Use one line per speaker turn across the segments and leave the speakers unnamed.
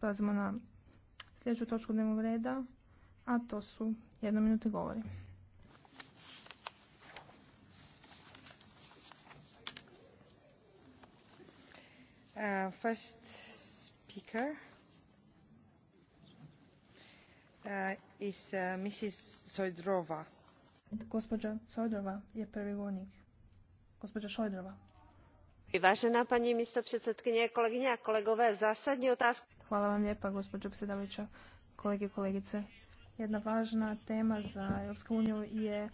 Prelazimo na sljedeću točku dnevnog reda, a to su jednominutni govori. Uh, first speaker uh, is uh, Mrs.
Sojdrova.
Gospođa Sojdrova je prvi govornik. Gospođa Sojdrova.
Vážená paní předsedkyně, kolegyně a kolegové, zásadní otázka
Hvala vam lijepa, gospođo predsjedavajuća, kolege i kolegice. Jedna važna tema za Europsku uniju je e,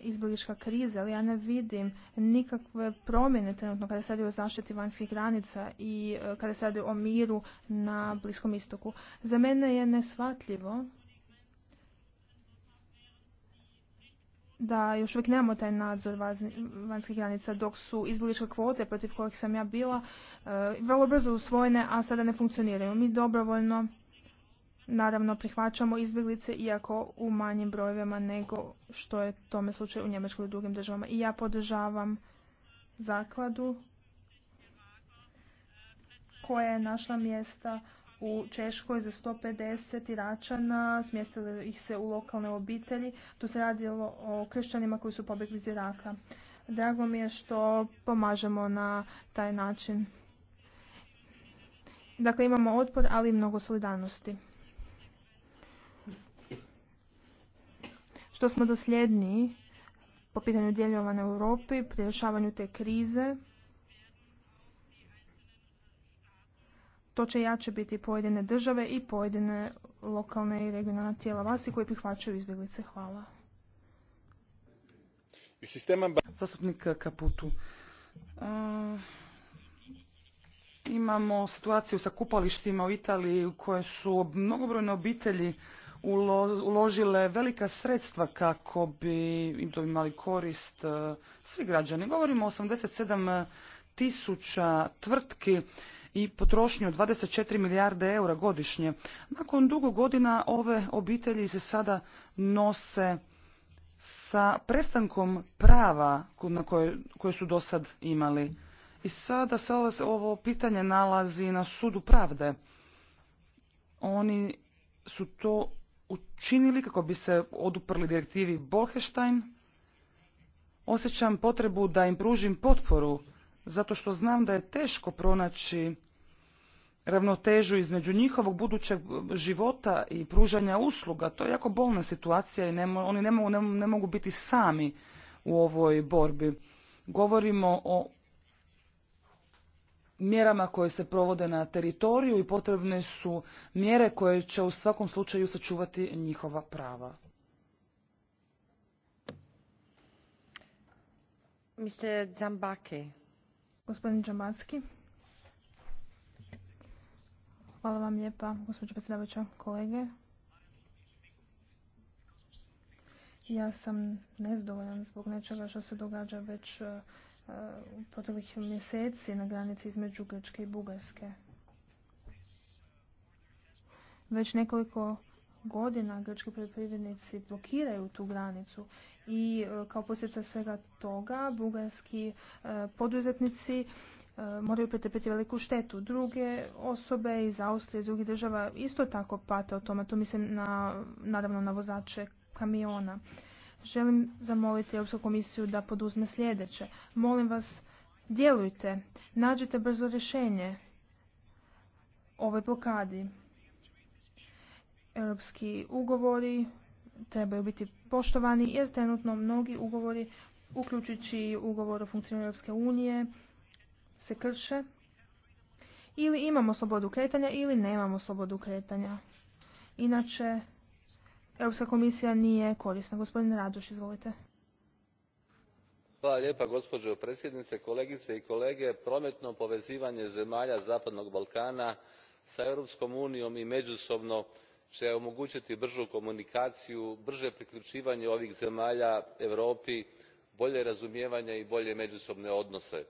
izbjeglička kriza, ali ja ne vidim nikakve promjene trenutno kada se radi o zaštiti vanjskih granica i e, kada se radi o miru na Bliskom istoku. Za mene je nesvatljivo... da još uvijek nemamo taj nadzor vanjskih granica dok su izbjegličke kvote protiv kojih sam ja bila e, vrlo brzo usvojene, a sada ne funkcioniraju. Mi dobrovoljno naravno prihvaćamo izbjeglice iako u manjim brojevima nego što je tome slučaj u Njemačkoj i drugim državama. I ja podržavam zakladu koja je našla mjesta u Češkoj za 150 Iračana, smjestili ih se u lokalne obitelji. To se radilo o kršćanima koji su pobjegli iz Iraka. Drago mi je što pomažemo na taj način. Dakle, imamo otpor, ali i mnogo solidarnosti. Što smo dosljedniji po pitanju djelovanja u Europi pri rješavanju te krize, to će jače biti pojedine države i pojedine lokalne i regionalne tijela vlasti koje prihvaćaju izbjeglice.
Hvala. Zastupnik Kaputu. E, imamo situaciju sa kupalištima u Italiji u koje su mnogobrojne obitelji uložile velika sredstva kako bi im to imali korist e, svi građani. Govorimo o 87 tisuća tvrtki i potrošnju od 24 milijarde eura godišnje. Nakon dugo godina ove obitelji se sada nose sa prestankom prava na koje, su do sad imali. I sada se ovo, pitanje nalazi na sudu pravde. Oni su to učinili kako bi se oduprli direktivi bohestein Osjećam potrebu da im pružim potporu zato što znam da je teško pronaći ravnotežu između njihovog budućeg života i pružanja usluga. To je jako bolna situacija i oni ne mogu, ne, mogu biti sami u ovoj borbi. Govorimo o mjerama koje se provode na teritoriju i potrebne su mjere koje će u svakom slučaju sačuvati njihova prava.
Mr. Zambake.
Gospodin Hvala vam lijepa, gospođo predsjedavajuća, kolege. Ja sam nezdovoljan zbog nečega što se događa već e, u proteklih mjeseci na granici između Grčke i Bugarske. Već nekoliko godina grčki poljoprivrednici blokiraju tu granicu i e, kao posljedica svega toga bugarski e, poduzetnici e, moraju pretrpjeti veliku štetu. Druge osobe iz Austrije, iz drugih država isto tako pate o tome. to mislim na, naravno na vozače kamiona. Želim zamoliti Europsku komisiju da poduzme sljedeće. Molim vas, djelujte, nađite brzo rješenje ovoj blokadi europski ugovori trebaju biti poštovani jer trenutno mnogi ugovori uključujući ugovor o funkcioniranju Europske unije se krše ili imamo slobodu kretanja ili nemamo slobodu kretanja. Inače, Europska komisija nije korisna. Gospodin Radoš, izvolite.
Hvala lijepa gospođo predsjednice, kolegice i kolege. Prometno povezivanje zemalja Zapadnog Balkana sa Europskom unijom i međusobno će omogućiti bržu komunikaciju brže priključivanje ovih zemalja europi bolje razumijevanje i bolje međusobne odnose.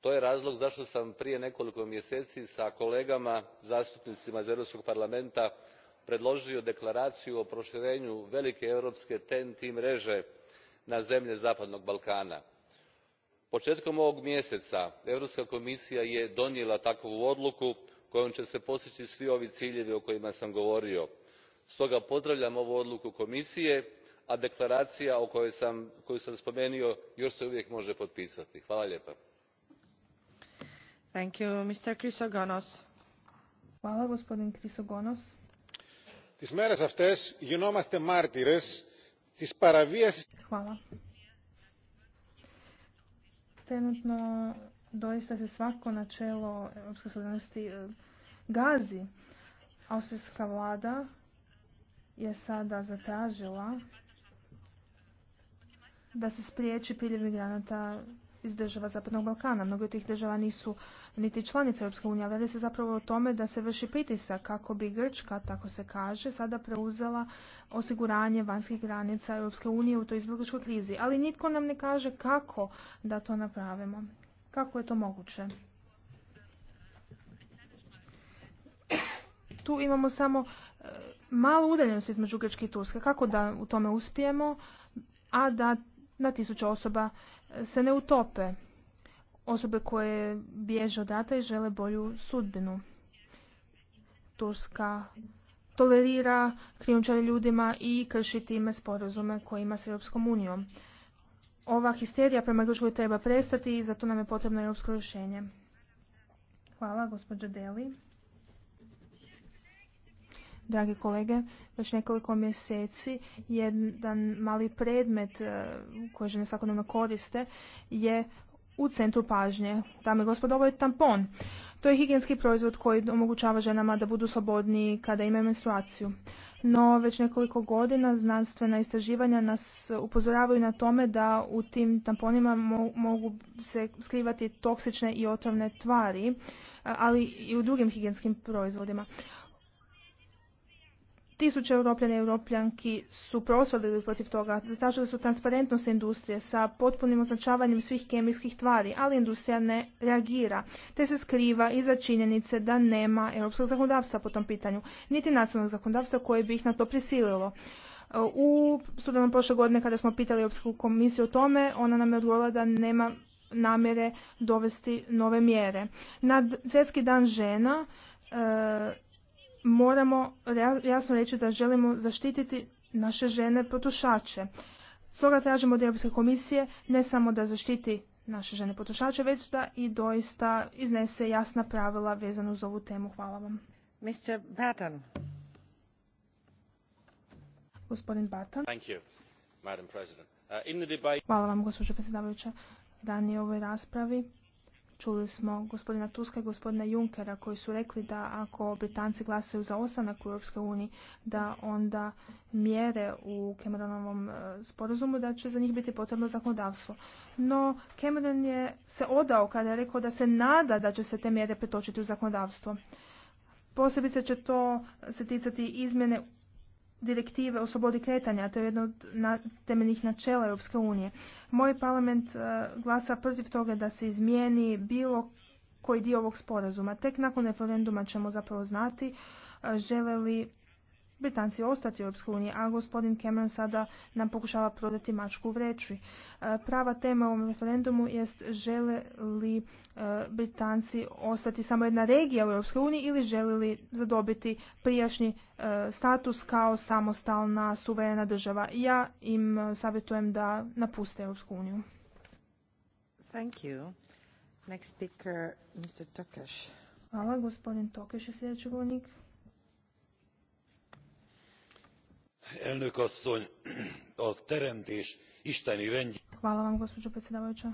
to je razlog zašto sam prije nekoliko mjeseci s kolegama zastupnicima iz europskog parlamenta predložio deklaraciju o proširenju velike europske ten t mreže na zemlje zapadnog balkana. početkom ovog mjeseca europska komisija je donijela takvu odluku kojom će se postići svi ovi ciljevi o kojima sam govorio. stoga pozdravljam ovu odluku komisije a deklaracija o koju sam spomenuo još se uvijek može potpisati. hvala
gospodin doista se svako načelo europske solidarnosti e, gazi. Austrijska vlada je sada zatražila da se spriječi priljev granata iz država Zapadnog Balkana. Mnogo tih država nisu niti članice Europske unije, ali se zapravo o tome da se vrši pritisak kako bi Grčka, tako se kaže, sada preuzela osiguranje vanjskih granica Europske unije u toj izbjegličkoj krizi. Ali nitko nam ne kaže kako da to napravimo. Kako je to moguće? Tu imamo samo e, malu udaljenost između Grčke i Turske. Kako da u tome uspijemo, a da na tisuću osoba e, se ne utope? Osobe koje bježe od rata i žele bolju sudbinu. Turska tolerira krijumčare ljudima i krši time sporazume koje ima s Europskom unijom ova histerija prema Grčkoj treba prestati i zato nam je potrebno europsko rješenje. Hvala, gospođa Deli. Dragi kolege, već nekoliko mjeseci jedan mali predmet e, koji žene svakodnevno koriste je u centru pažnje. Dame i gospodo, ovo je tampon. To je higijenski proizvod koji omogućava ženama da budu slobodniji kada imaju menstruaciju. No, već nekoliko godina znanstvena istraživanja nas upozoravaju na tome da u tim tamponima mogu se skrivati toksične i otrovne tvari, ali i u drugim higijenskim proizvodima. Tisuće europljana i europljanki su prosvjedili protiv toga. Zatražili su transparentnost industrije sa potpunim označavanjem svih kemijskih tvari, ali industrija ne reagira, te se skriva iza činjenice da nema europskog zakonodavstva po tom pitanju, niti nacionalnog zakonodavstva koje bi ih na to prisililo. U studenom prošle godine kada smo pitali Europsku komisiju o tome, ona nam je odgovorila da nema namjere dovesti nove mjere. Na svjetski dan žena e, moramo jasno reći da želimo zaštititi naše žene potušače. Stoga tražimo od Europske komisije ne samo da zaštiti naše žene potušače, već da i doista iznese jasna pravila vezano uz ovu temu. Hvala vam.
Mr. Batten.
Gospodin Batten.
Thank you, Madam President. Uh, Hvala
vam, gospođo predsjedavajuća. dani ovoj raspravi Čuli smo gospodina Tuska i gospodina Junkera koji su rekli da ako Britanci glasaju za ostanak u EU, da onda mjere u Cameronovom e, sporazumu da će za njih biti potrebno zakonodavstvo. No Cameron je se odao kada je rekao da se nada da će se te mjere pretočiti u zakonodavstvo. Posebice će to se ticati izmjene direktive o slobodi kretanja, to je jedno od temeljnih načela Europske unije. Moj parlament e, glasa protiv toga da se izmijeni bilo koji dio ovog sporazuma. Tek nakon referenduma ćemo zapravo znati uh, žele li Britanci ostati u Europskoj uniji, a gospodin Cameron sada nam pokušava prodati mačku u vreći. E, prava tema u ovom referendumu jest žele li e, Britanci ostati samo jedna regija u Europskoj uniji ili žele li zadobiti prijašnji e, status kao samostalna suverena država. Ja im savjetujem da napuste Europsku uniju.
Thank you. Next speaker, Mr.
Hvala, gospodin Tokeš je sljedeći govornik. hvala vam gospođo predsjedavajuća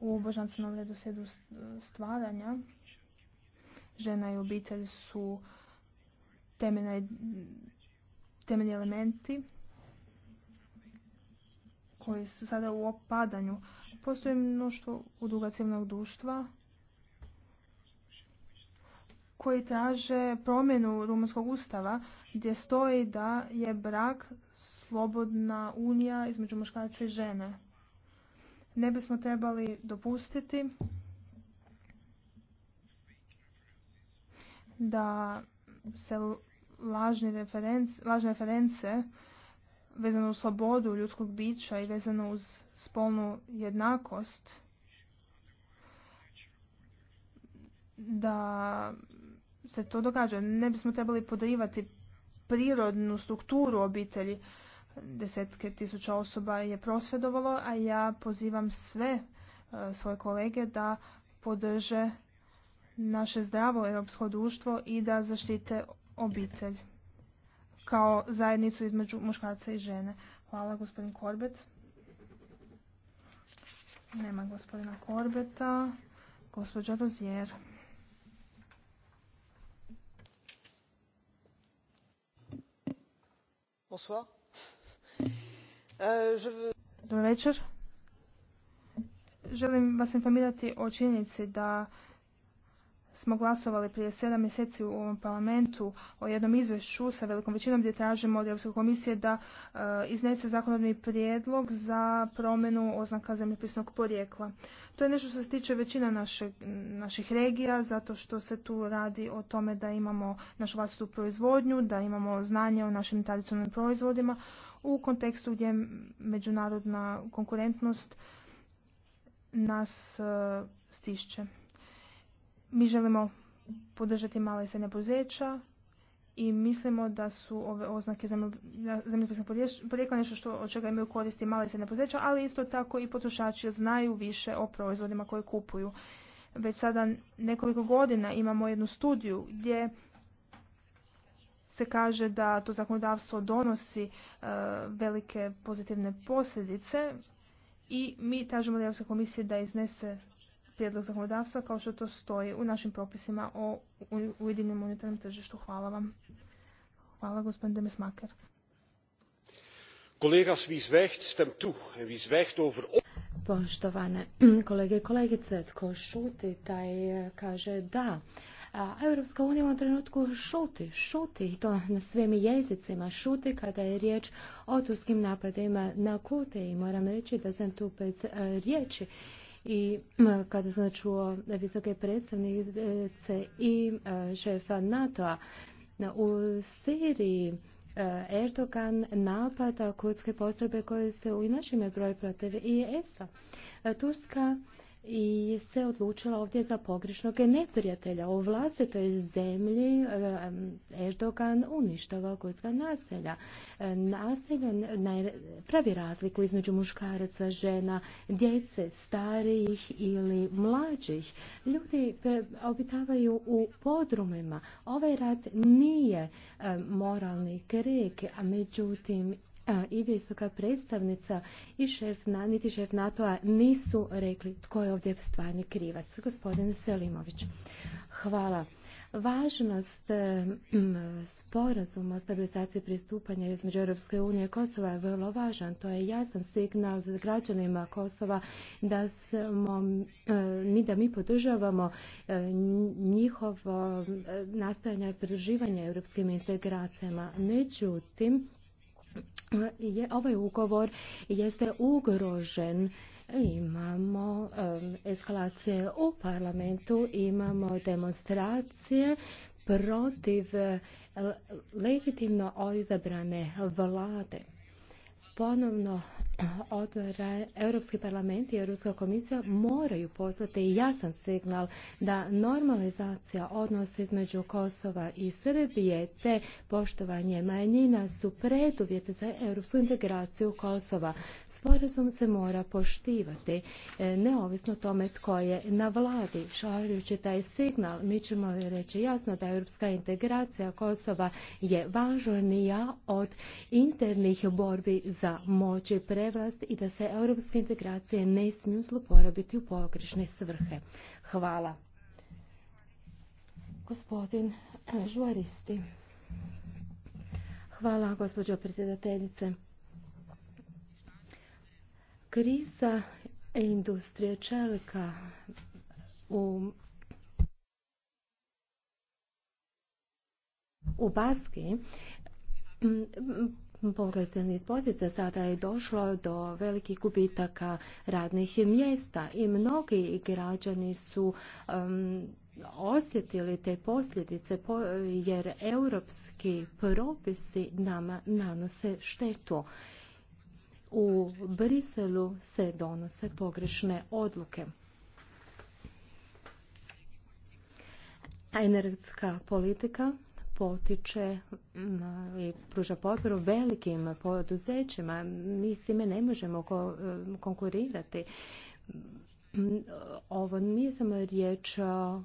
u božanstvenom redoslijedu stvaranja žena i obitelj su temeljni, temeljni elementi koji su sada u opadanju. Postoji mnoštvo udruga civilnog društva koji traže promjenu rumunskog ustava gdje stoji da je brak slobodna unija između muškarca i žene. Ne bismo trebali dopustiti da se lažne reference vezano uz slobodu ljudskog bića i vezano uz spolnu jednakost da se to događa. Ne bismo trebali podrivati prirodnu strukturu obitelji. Desetke tisuća osoba je prosvjedovalo, a ja pozivam sve e, svoje kolege da podrže naše zdravo europsko društvo i da zaštite obitelj kao zajednicu između muškarca i žene. Hvala gospodin Korbet. Nema gospodina Korbeta. Gospodin Rozijer.
Bonsoir. Euh,
Dobar večer. Želim vas informirati o činjenici da smo glasovali prije sedam mjeseci u ovom parlamentu o jednom izvješću sa velikom većinom gdje tražimo od Europske komisije da e, iznese zakonodni prijedlog za promjenu oznaka zemljopisnog porijekla. To je nešto što se tiče većina naših regija zato što se tu radi o tome da imamo našu vlastitu proizvodnju, da imamo znanje o našim tradicionalnim proizvodima u kontekstu gdje međunarodna konkurentnost nas e, stišće. Mi želimo podržati male i srednja poduzeća i mislimo da su ove oznake zemljopisnog porijekla nešto što od čega imaju koristi male i srednja poduzeća, ali isto tako i potrošači znaju više o proizvodima koje kupuju. Već sada nekoliko godina imamo jednu studiju gdje se kaže da to zakonodavstvo donosi e, velike pozitivne posljedice i mi tražimo da Europska komisija da iznese prijedlog zakonodavstva kao što to stoji u našim propisima o ujedinjenom unutarnjem tržištu. Hvala vam. Hvala
gospodin Demesmaker.
Kolegas, vi zwijgt stem
over... Poštovane kolege i kolegice, tko šuti, taj e, kaže da. A Europska unija u ovom trenutku šuti, šuti i to na svim jezicima, šuti kada je riječ o turskim napadima na kute i moram reći da sam tu bez e, riječi i kada sam čuo visoke predstavnice i e, šefa NATO-a u Siriji e, Erdogan napada kurdske postrebe koje se u našim broj protiv is e Turska i se odlučila ovdje za pogrešnog neprijatelja. U vlastitoj zemlji eh, Erdogan uništava kojska naselja. Eh, naselje pravi razliku između muškaraca, žena, djece, starijih ili mlađih. Ljudi obitavaju u podrumima. Ovaj rad nije eh, moralni krik, a međutim i visoka predstavnica i šef, niti NATO-a nisu rekli tko je ovdje stvarni krivac. Gospodin Selimović, hvala. Važnost sporazuma o stabilizaciji pristupanja između Europske unije i Kosova je vrlo važan. To je jasan signal građanima Kosova da, smo, mi, da mi podržavamo njihovo nastojanje i pridruživanje europskim integracijama. Međutim, je ovaj ugovor jeste ugrožen imamo eskalacije u parlamentu imamo demonstracije protiv legitimno izabrane vlade ponovno otvara Europski parlament i Europska komisija moraju poslati jasan signal da normalizacija odnosa između Kosova i Srbije te poštovanje manjina su preduvjete za europsku integraciju Kosova. Sporazum se mora poštivati e, neovisno tome tko je na vladi. Šaljući taj signal mi ćemo reći jasno da europska integracija Kosova je važnija od internih borbi za moći moć i i da se europske integracije ne smiju zloporabiti u pogrešne svrhe. Hvala. Gospodin eh, Žuaristi. Hvala, gospođo predsjedateljice. Kriza industrije čelika u u Baski mm, Pogledan iz pozice sada je došlo do velikih gubitaka radnih mjesta i mnogi građani su um, osjetili te posljedice jer europski propisi nama nanose štetu. U Briselu se donose pogrešne odluke. Energetska politika potiče mm, i pruža potporu velikim poduzećima. Mi s time ne možemo mm, konkurirati. Mm, ovo nije samo riječ o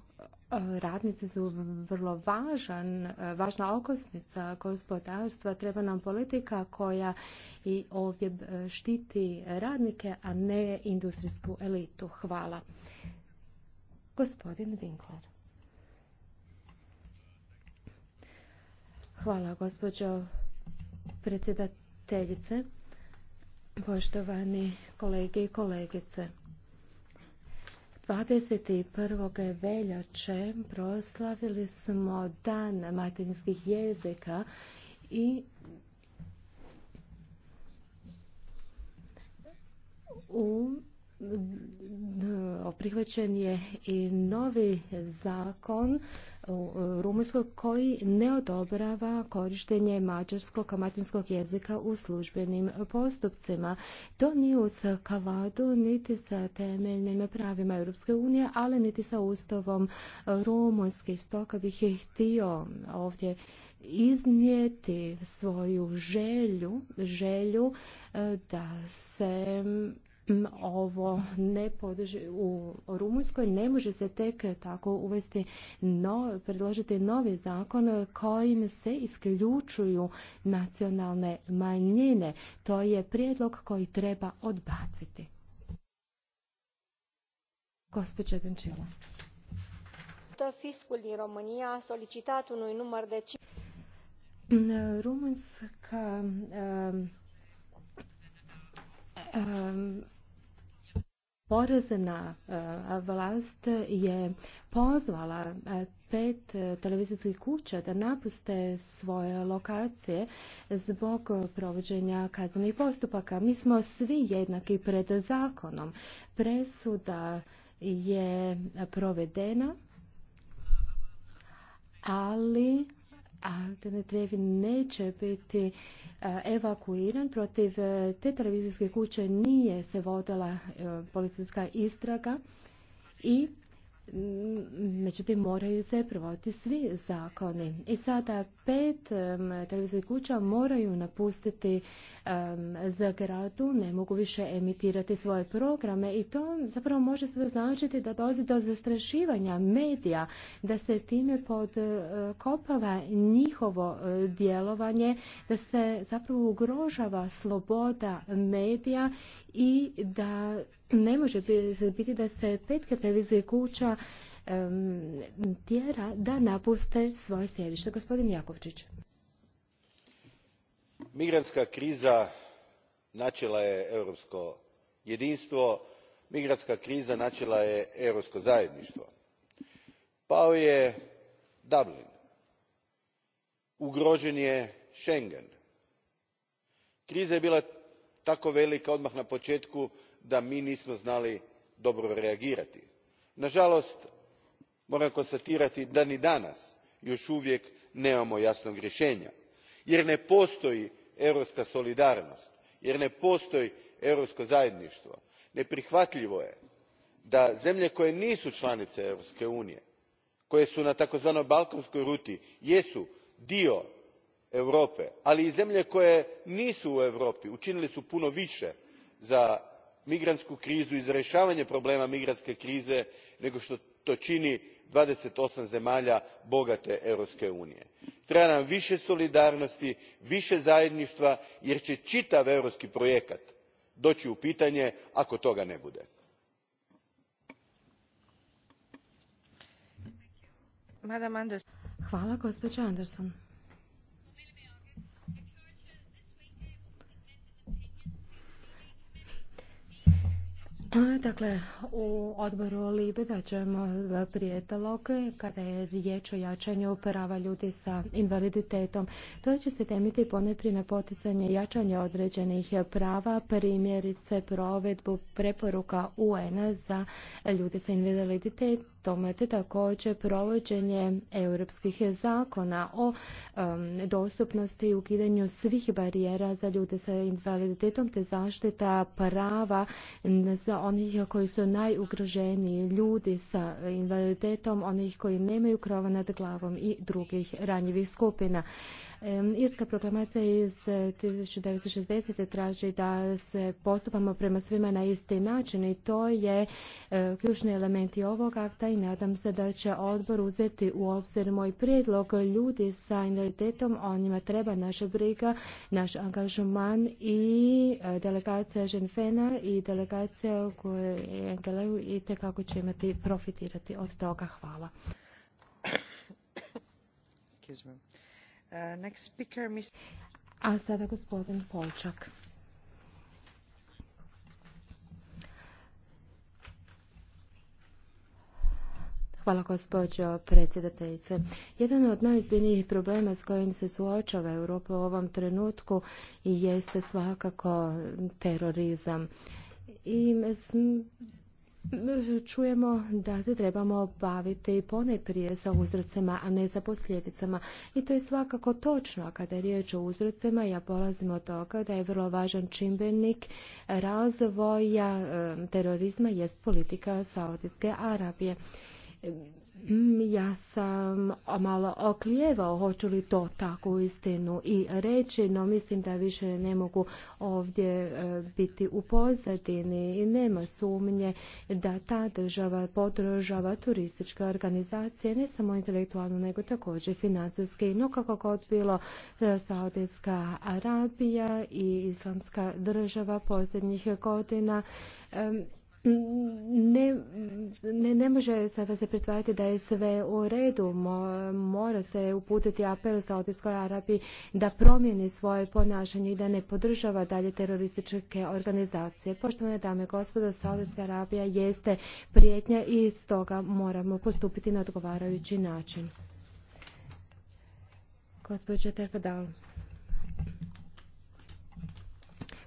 Radnice su vrlo važan, važna okosnica gospodarstva. Treba nam politika koja i ovdje e, štiti radnike, a ne industrijsku elitu. Hvala. Gospodin Winkler. Hvala gospođo predsjedateljice, poštovani kolege i kolegice. 21. veljače proslavili smo dan matinskih jezika i u prihvaćen je i novi zakon u koji ne odobrava korištenje mađarskog, matinskog jezika u službenim postupcima. To nije u kavadu, niti sa temeljnim pravima Europske unije, ali niti sa ustavom Rumunjskih. Stoga bih je htio ovdje iznijeti svoju želju, želju e, da se Mm, ovo ne podrži u Rumunjskoj, ne može se tek tako uvesti no, predložiti novi zakon kojim se isključuju nacionalne manjine. To je prijedlog koji treba odbaciti. Gospođa Dančila. Fiscul din România a solicitat unui număr de... Mm, Rumunjska porezna e, vlast je pozvala e, pet e, televizijskih kuća da napuste svoje lokacije zbog provođenja kaznenih postupaka. Mi smo svi jednaki pred zakonom. Presuda je provedena, ali trevi neće biti e, evakuiran protiv e, te televizijske kuće nije se vodila e, policijska istraga i Mm, međutim moraju se provoditi svi zakoni. I sada pet um, televizijskih kuća moraju napustiti za zagradu, ne mogu više emitirati svoje programe i to zapravo može se značiti da dođe do zastrašivanja medija, da se time podkopava njihovo e, djelovanje, da se zapravo ugrožava sloboda medija i da ne može biti da se pet televizije kuća tjera da napuste svoje sjedište. Gospodin Jakovčić.
Migrantska kriza načela je europsko jedinstvo, migrantska kriza načela je europsko zajedništvo. Pao je Dublin, ugrožen je Schengen. Kriza je bila tako velika odmah na početku da mi nismo znali dobro reagirati. nažalost moram konstatirati da ni danas još uvijek nemamo jasnog rješenja jer ne postoji europska solidarnost jer ne postoji europsko zajedništvo. neprihvatljivo je da zemlje koje nisu članice europske unije koje su na tzv. balkanskoj ruti jesu dio europe ali i zemlje koje nisu u europi učinile su puno više za migrantsku krizu i za rješavanje problema migrantske krize nego što to čini dvadeset osam zemalja bogate europske unije. treba nam više solidarnosti više zajedništva jer će čitav europski projekt doći u pitanje ako toga ne bude.
Dakle, u odboru Libe da ćemo prijetalog kada je riječ o jačanju prava ljudi sa invaliditetom. To će se temiti ponajprije na poticanje jačanja određenih prava, primjerice provedbu preporuka UN-a za ljude sa invaliditetom Tome te također provođenje europskih zakona o dostupnosti i ukidanju svih barijera za ljude sa invaliditetom, te zaštita prava za onih koji su najugroženiji ljudi sa invaliditetom, onih koji nemaju krova nad glavom i drugih ranjivih skupina. Irska proklamacija iz 1960. Eh, traži da se postupamo prema svima na isti način i to je eh, ključni element i ovog akta i nadam se da će odbor uzeti u obzir moj prijedlog. Ljudi sa invaliditetom, o njima treba naša briga, naš angažman i eh, delegacija Ženfena i delegacija koje je i tekako će imati profitirati od toga. Hvala.
Excuse me. Uh,
A sada gospodin Polčak. Hvala gospođo predsjedateljice. Jedan od najozbiljnijih problema s kojim se suočava Europa u ovom trenutku jeste svakako terorizam. I čujemo da se trebamo baviti ponajprije sa uzrocima, a ne sa posljedicama. I to je svakako točno, a kada je riječ o uzrocima, ja polazim od toga da je vrlo važan čimbenik razvoja terorizma jest politika Saudijske Arabije. Mm, ja sam malo oklijevao hoću li to tako istinu i reći, no mislim da više ne mogu ovdje e, biti u pozadini i nema sumnje da ta država podržava turističke organizacije, ne samo intelektualno, nego također financijski. No kako god bilo, e, Saudijska Arabija i Islamska država posljednjih godina ne, ne, ne može sada se pretvarati da je sve u redu. Mora se uputiti apel Saudijskoj Arabiji da promijeni svoje ponašanje i da ne podržava dalje terorističke organizacije. Poštovane dame i gospodo, Saudijska Arabija jeste prijetnja i stoga moramo postupiti na odgovarajući način.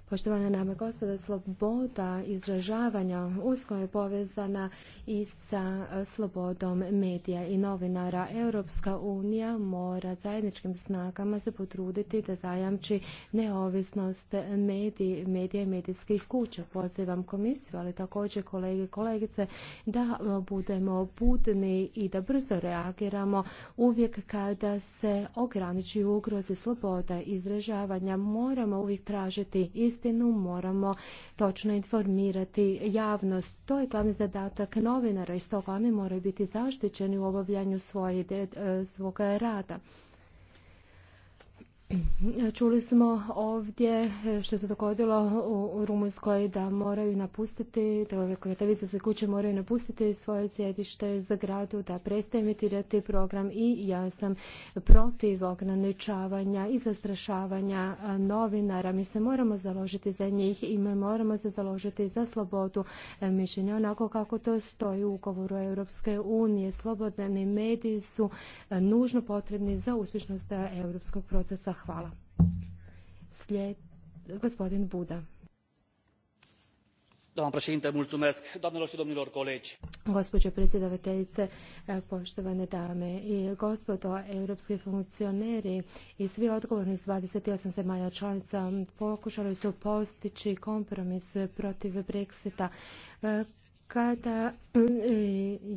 Poštovane dame i gospodo, sloboda izražavanja usko je povezana i sa e, slobodom medija i novinara. Europska unija mora zajedničkim snagama se potruditi da zajamči neovisnost mediji medija i medijskih kuća. Pozivam komisiju, ali također kolege i kolegice, da e, budemo putni i da brzo reagiramo uvijek kada se ograničuju ugrozi sloboda izražavanja. Moramo uvijek tražiti istinu istinu moramo točno informirati javnost. To je glavni zadatak novinara i stoga oni moraju biti zaštićeni u obavljanju svoje, e, svoga rada. Mhm. Čuli smo ovdje što se dogodilo u Rumunjskoj da moraju napustiti, da za kuće moraju napustiti svoje sjedište za gradu, da prestaje emitirati program i ja sam protiv ograničavanja i zastrašavanja novinara. Mi se moramo založiti za njih i mi moramo se založiti za slobodu e, mišljenja onako kako to stoji u ugovoru Europske unije. Slobodni mediji su e, nužno potrebni za uspješnost e, europskog procesa Hvala. Slijed gospodin Buda.
Doamna președinte, mulțumesc. Doamnelor și domnilor colegi.
Gospođo predsjedavateljice, eh, poštovane dame i gospodo, europski funkcioneri i svi odgovorni s 28 zemalja članica pokušali su postići kompromis protiv Brexita eh, kada eh,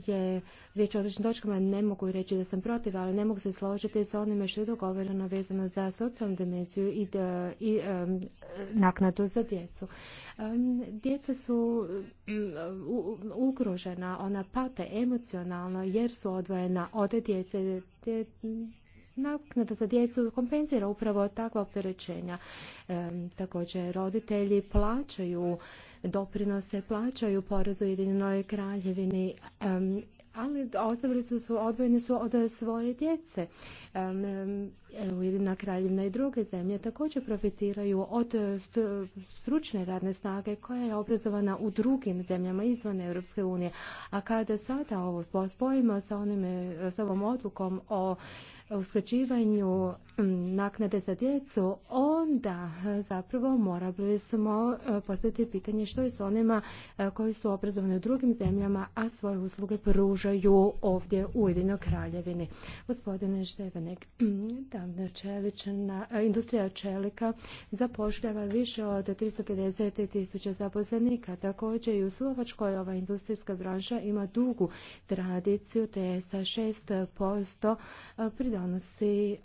je riječ o odličnim točkama, ne mogu reći da sam protiv, ali ne mogu se složiti sa onime što je dogovoreno vezano za socijalnu dimenziju i, da, naknadu za djecu. djeca su mm, ugrožena, ona pate emocionalno jer su odvojena od djece. naknada za djecu kompenzira upravo takva opterećenja. također roditelji plaćaju doprinose plaćaju porazu Jedinoj kraljevini, ali ostavili su, su odvojeni su od eh, svoje djece. Ujedina kraljevna i druge zemlje također profitiraju od stručne radne snage koja je obrazovana u drugim zemljama izvan Europske unije. A kada sada ovo pospojimo sa, onim sa ovom odlukom o uskraćivanju naknade za djecu, onda zapravo morali smo e, postaviti pitanje što je s onima e, koji su obrazovani u drugim zemljama, a svoje usluge pružaju ovdje u Ujedinoj kraljevini. Gospodine Števenek, da industrija čelika zapošljava više od 350 tisuća zaposlenika. Također i u Slovačkoj ova industrijska branša ima dugu tradiciju te sa 6% pridonosi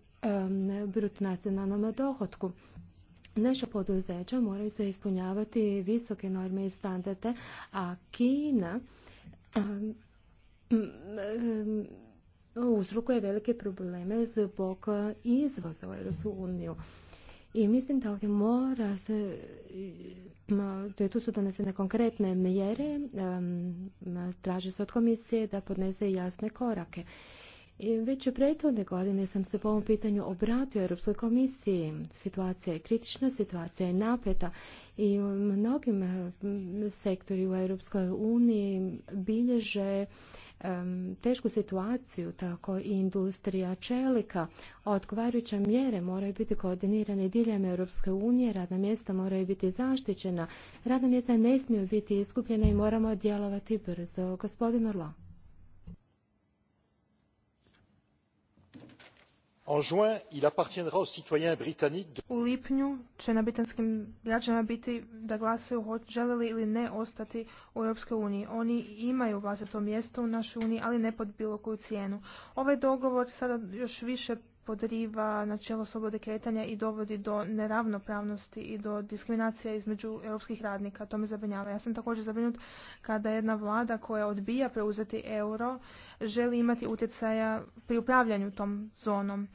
brut nacionalnom dohotku. Naša poduzeća moraju se ispunjavati visoke norme i standarde, a Kina uzrokuje velike probleme zbog izvoza u Europsku uniju. I mislim da ovdje mora se, tu su donesene konkretne mjere, traži se od komisije da podnese jasne korake. I već prethodne godine sam se po ovom pitanju obratio Europskoj komisiji. Situacija je kritična, situacija je napeta i u mnogim sektori u Europskoj uniji bilježe tešku situaciju, tako i industrija čelika. Odgovarajuće mjere moraju biti koordinirane diljem Europske unije, radna mjesta moraju biti zaštićena, radna mjesta ne smiju biti iskupljena i moramo djelovati brzo. Gospodin Orla.
U lipnju će na britanskim građanima biti da glasaju žele li ili ne ostati u Europskoj uniji. Oni imaju vlastito mjesto u našoj uniji, ali ne pod bilo koju cijenu. Ovaj dogovor sada još više podriva načelo slobode kretanja i dovodi do neravnopravnosti i do diskriminacije između europskih radnika. To me zabrinjava. Ja sam također zabrinut kada jedna vlada koja odbija preuzeti euro želi imati utjecaja pri upravljanju tom zonom.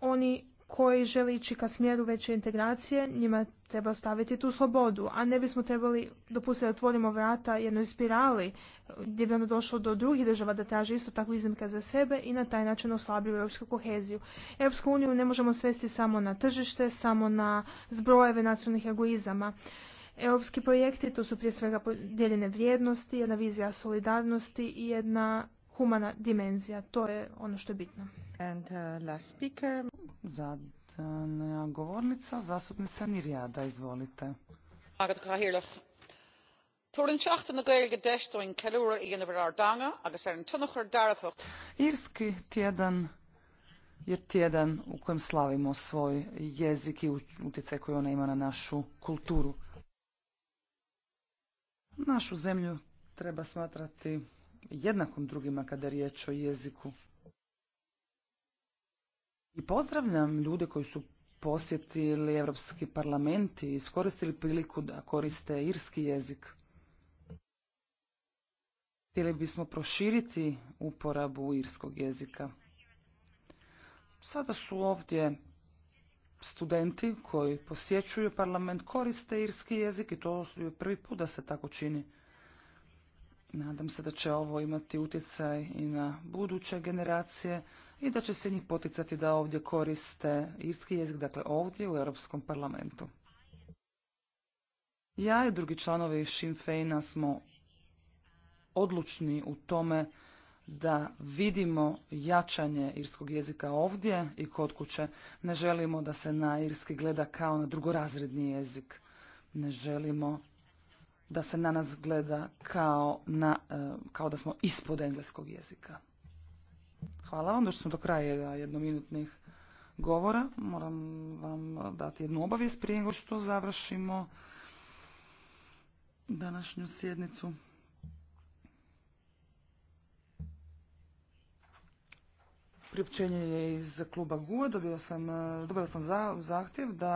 Oni koji želi ići ka smjeru veće integracije, njima treba ostaviti tu slobodu, a ne bismo trebali dopustiti da otvorimo vrata jednoj spirali gdje bi ono došlo do drugih država da traže isto tako iznimka za sebe i na taj način oslabljuju europsku koheziju. Europsku uniju ne možemo svesti samo na tržište, samo na zbrojeve nacionalnih egoizama. Europski projekti to su prije svega podijeljene vrijednosti, jedna vizija solidarnosti i jedna humana dimenzija. To je ono što je bitno. And, the uh, last speaker.
Zadnja govornica, zastupnica Nirjada, izvolite. Er Irski tjedan je tjedan u kojem slavimo svoj jezik i utjecaj koji ona ima na našu kulturu. Našu zemlju treba smatrati jednakom drugima kada je riječ o jeziku. I pozdravljam ljude koji su posjetili Europski parlament i iskoristili priliku da koriste irski jezik. Htjeli bismo proširiti uporabu irskog jezika. Sada su ovdje studenti koji posjećuju parlament koriste irski jezik i to je prvi put da se tako čini. Nadam se da će ovo imati utjecaj i na buduće generacije i da će se njih poticati da ovdje koriste irski jezik, dakle ovdje u Europskom parlamentu. Ja i drugi članovi Sinn Feina smo odlučni u tome da vidimo jačanje irskog jezika ovdje i kod kuće. Ne želimo da se na irski gleda kao na drugorazredni jezik. Ne želimo da se na nas gleda kao, na, e, kao da smo ispod engleskog jezika. Hvala vam, došli smo do kraja jednominutnih govora. Moram vam dati jednu obavijest prije nego što završimo današnju sjednicu. Priopćenje je iz kluba GUA. E. Dobila sam, e, dobila sam za, zahtjev da